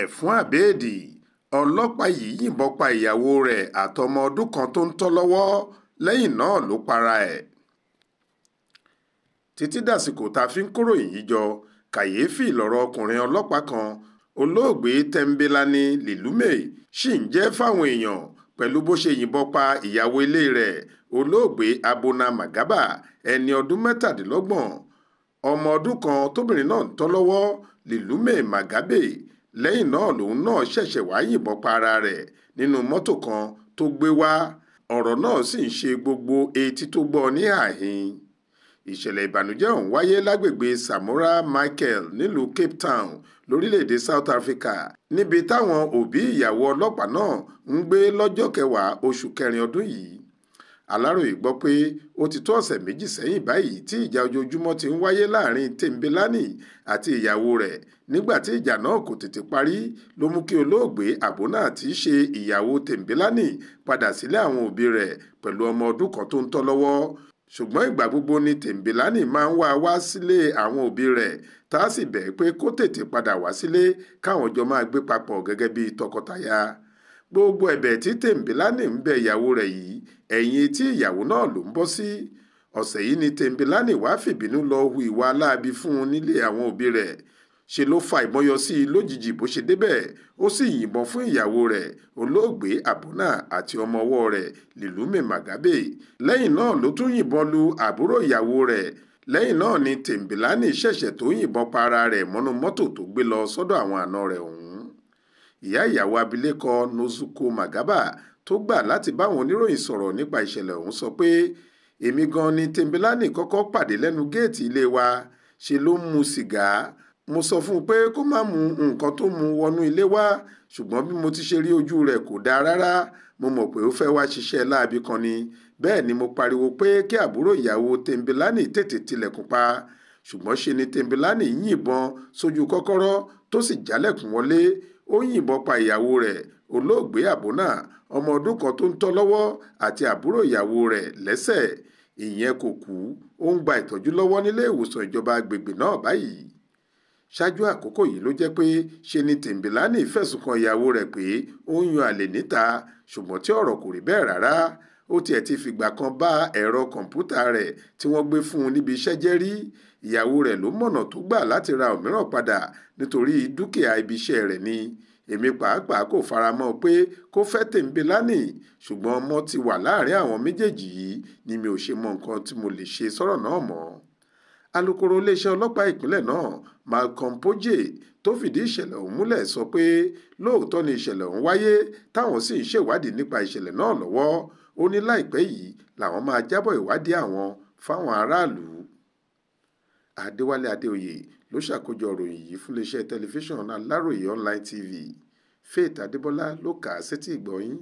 ẹ̀fún àbẹ́ẹ̀dì ọlọ́pàá yìí yìnbọn pa ìyàwó rẹ̀ àtọmọ ọdún kan tó ń tọ́ lọ́wọ́ lẹ́yìn náà ló para ẹ̀ títí dàsìkò tá a fi ń kúrò yìí jọ kàyééfì lọ̀rọ̀ ọkùnrin ọlọ́pàá kan olóògbé tẹ́ńbélání lìlúmẹ̀ ṣì ń jẹ́ fáwọn èèyàn pẹ̀lú bó ṣe yìnbọn pa ìyàwó ilé rẹ̀ olóògbé abona magaba ẹni ọdún mẹ́tàdínlọ́gbọ̀n ọmọ ọdún kan tóbìnrin náà ń tọ́ lọ́wọ́ lìlúmẹ̀ magabe lẹ́yìn náà lòun náà ṣẹ̀ṣẹ̀ wá yìnbọn pa ara rẹ̀ nínú mọ́tò kan tó gbé wá ọ̀rọ̀ náà sì ń ṣe gbogbo etí tó gbọ́ ní àhín ìṣẹ̀lẹ̀ ìbànújẹ́ ọ̀hún wáyé lágbègbè Samora Michael nílùú Cape Town lórílẹ̀‐èdè South Africa níbi táwọn òbí ìyàwó ọlọ́pàá náà ń gbé lọ́jọ́ kẹwàá oṣù kẹrin ọdún yìí aláròye gbọ́ pé ó ti tó ọ̀sẹ̀ méjì sẹ́yìn báyìí tí ìjà ojoojúmọ́ ti ń wáyé láàrin tèmbélánì àti ìyàwó rẹ̀ nígbà tí ìjà náà kò tètè parí ló mú kí olóògbé àbónà tí í ṣe ìyàwó tèmbélánì padà sílé àwọn òbí rẹ̀ pẹ̀lú ọmọ ọdún kan tó ń tọ́ lọ́wọ́ ṣùgbọ́n ìgbà gbogbo ni tèmbélánì máa ń wá wá sílé àwọn òbí rẹ̀ tá a sì bẹ̀ pé kó tètè padà wá sílé káwọn jọ máa gbé papọ̀ gẹ́gẹ́ bíi tọkọtaya gbogbo ẹ̀bẹ̀ tí tèmílánì ń bẹ ìyàwó rẹ̀ yìí ẹ̀yìn etí ìyàwó náà ló ń bọ́ sí ọ̀sẹ̀ yìí ni tèmílánì wàá fìbínú lọ hu ìwà aláàbí fún un nílé àwọn òbí rẹ̀ ṣe ló fa ìbọn yọ sí i lójijì bó ṣe débẹ̀ ó sì yìnbọn fún ìyàwó rẹ̀ olóògbé àbúnà àti ọmọ ọwọ́ rẹ̀ lìlúmẹ̀ màgábé lẹ́yìn náà ló tún yìnbọn lu àbúrò ìyàwó rẹ̀ lẹ́yìn náà ni tèmílánì ṣẹ̀ṣẹ̀ tó yìnbọn para rẹ̀ mọ́nú mọ́tò tó gbé lọ sọ́dọ̀ àwọn àna rẹ̀ ọ̀hún ìyá ìyàwó abilékọ nozuko magaba tó gbà láti báwọn oníròyìn sọ̀rọ̀ nípa ìṣẹ̀lẹ̀ ọ̀hún sọ pé èmi gan ni tembelani kọ́kọ́ pàdé lẹ́nu géètì ilé wa ṣe ló ń mu sìgá mo sọ fún un pé kó má mu nǹkan tó mu wọnú ilé wa ṣùgbọ́n bí mo ti ṣe rí ojú rẹ̀ kò dáa rárá mo mọ̀ pé ó fẹ́ wá ṣiṣẹ́ láabi kan ni bẹ́ẹ̀ ni mo pariwo pé kí àbúrò ìyàwó tembelani tètè tilẹ̀kùn pa ṣùgbọ́n ṣe ni tembelani yìnbọn sójú kọ́kọ́rọ́ tó sì jálẹ̀kùn wọlé ó yìnbọn pa ìyàwó rẹ̀ olóògbé àbónà ọmọ ọdún kan tó ń tọ́ lọ́wọ́ àti àbúrò ìyàwó rẹ̀ lẹ́sẹ̀ ìyẹn kò kú ó ń gba ìtọ́jú lọ́wọ́ nílé ìwòsàn ìjọba agbègbè náà báyìí ṣáájú àkókò yìí ló jẹ́ pé ṣe ni tìǹbìlánì fẹ̀sùn kan ìyàwó rẹ̀ pé ó ń yan àlè níta ṣùgbọ́n tí ọ̀rọ̀ kò rí bẹ́ẹ̀ rárá ó tiẹ̀ ti fìgbà kan bá ẹ̀rọ kọ̀ǹpútà rẹ̀ tí wọ́n gbé fún un níbi iṣẹ́ jẹ́ rí ìyàwó rẹ̀ ló mọ̀nà tó gbà láti ra òmíràn padà nítorí dúkìá ibi iṣẹ́ rẹ̀ ni èmi pàápàá kò fara mọ́ pé kó fẹ́ Tèmíbélánì ṣùgbọ́n ọmọ ti wà láàrin àwọn méjèèjì yìí ni mi ò ṣe mọ nǹkan tí mo lè ṣe sọ́rọ̀ náà mọ́ alūkkóró iléeṣẹ́ ọlọ́pàá ìpínlẹ̀ náà malcolm poje tó fìdí ìṣẹ̀lẹ̀ ọ̀hún múlẹ̀ sọ pé lóòótọ́ ni ìṣẹ̀lẹ̀ ọ̀hún wáyé táwọn sì ń ṣèwádìí nípa ìṣẹ̀lẹ̀ náà lọ́wọ́ ó ní láìpẹ́ yìí làwọn máa jábọ̀ ìwádìí àwọn fáwọn aráàlú adéwálé adéoyè ló ṣàkójọ ìròyìn yìí fún iléeṣẹ́ tẹlifíṣàn aláròye online tv faith adébọlá ló kà á sétí ìgbọ̀nyín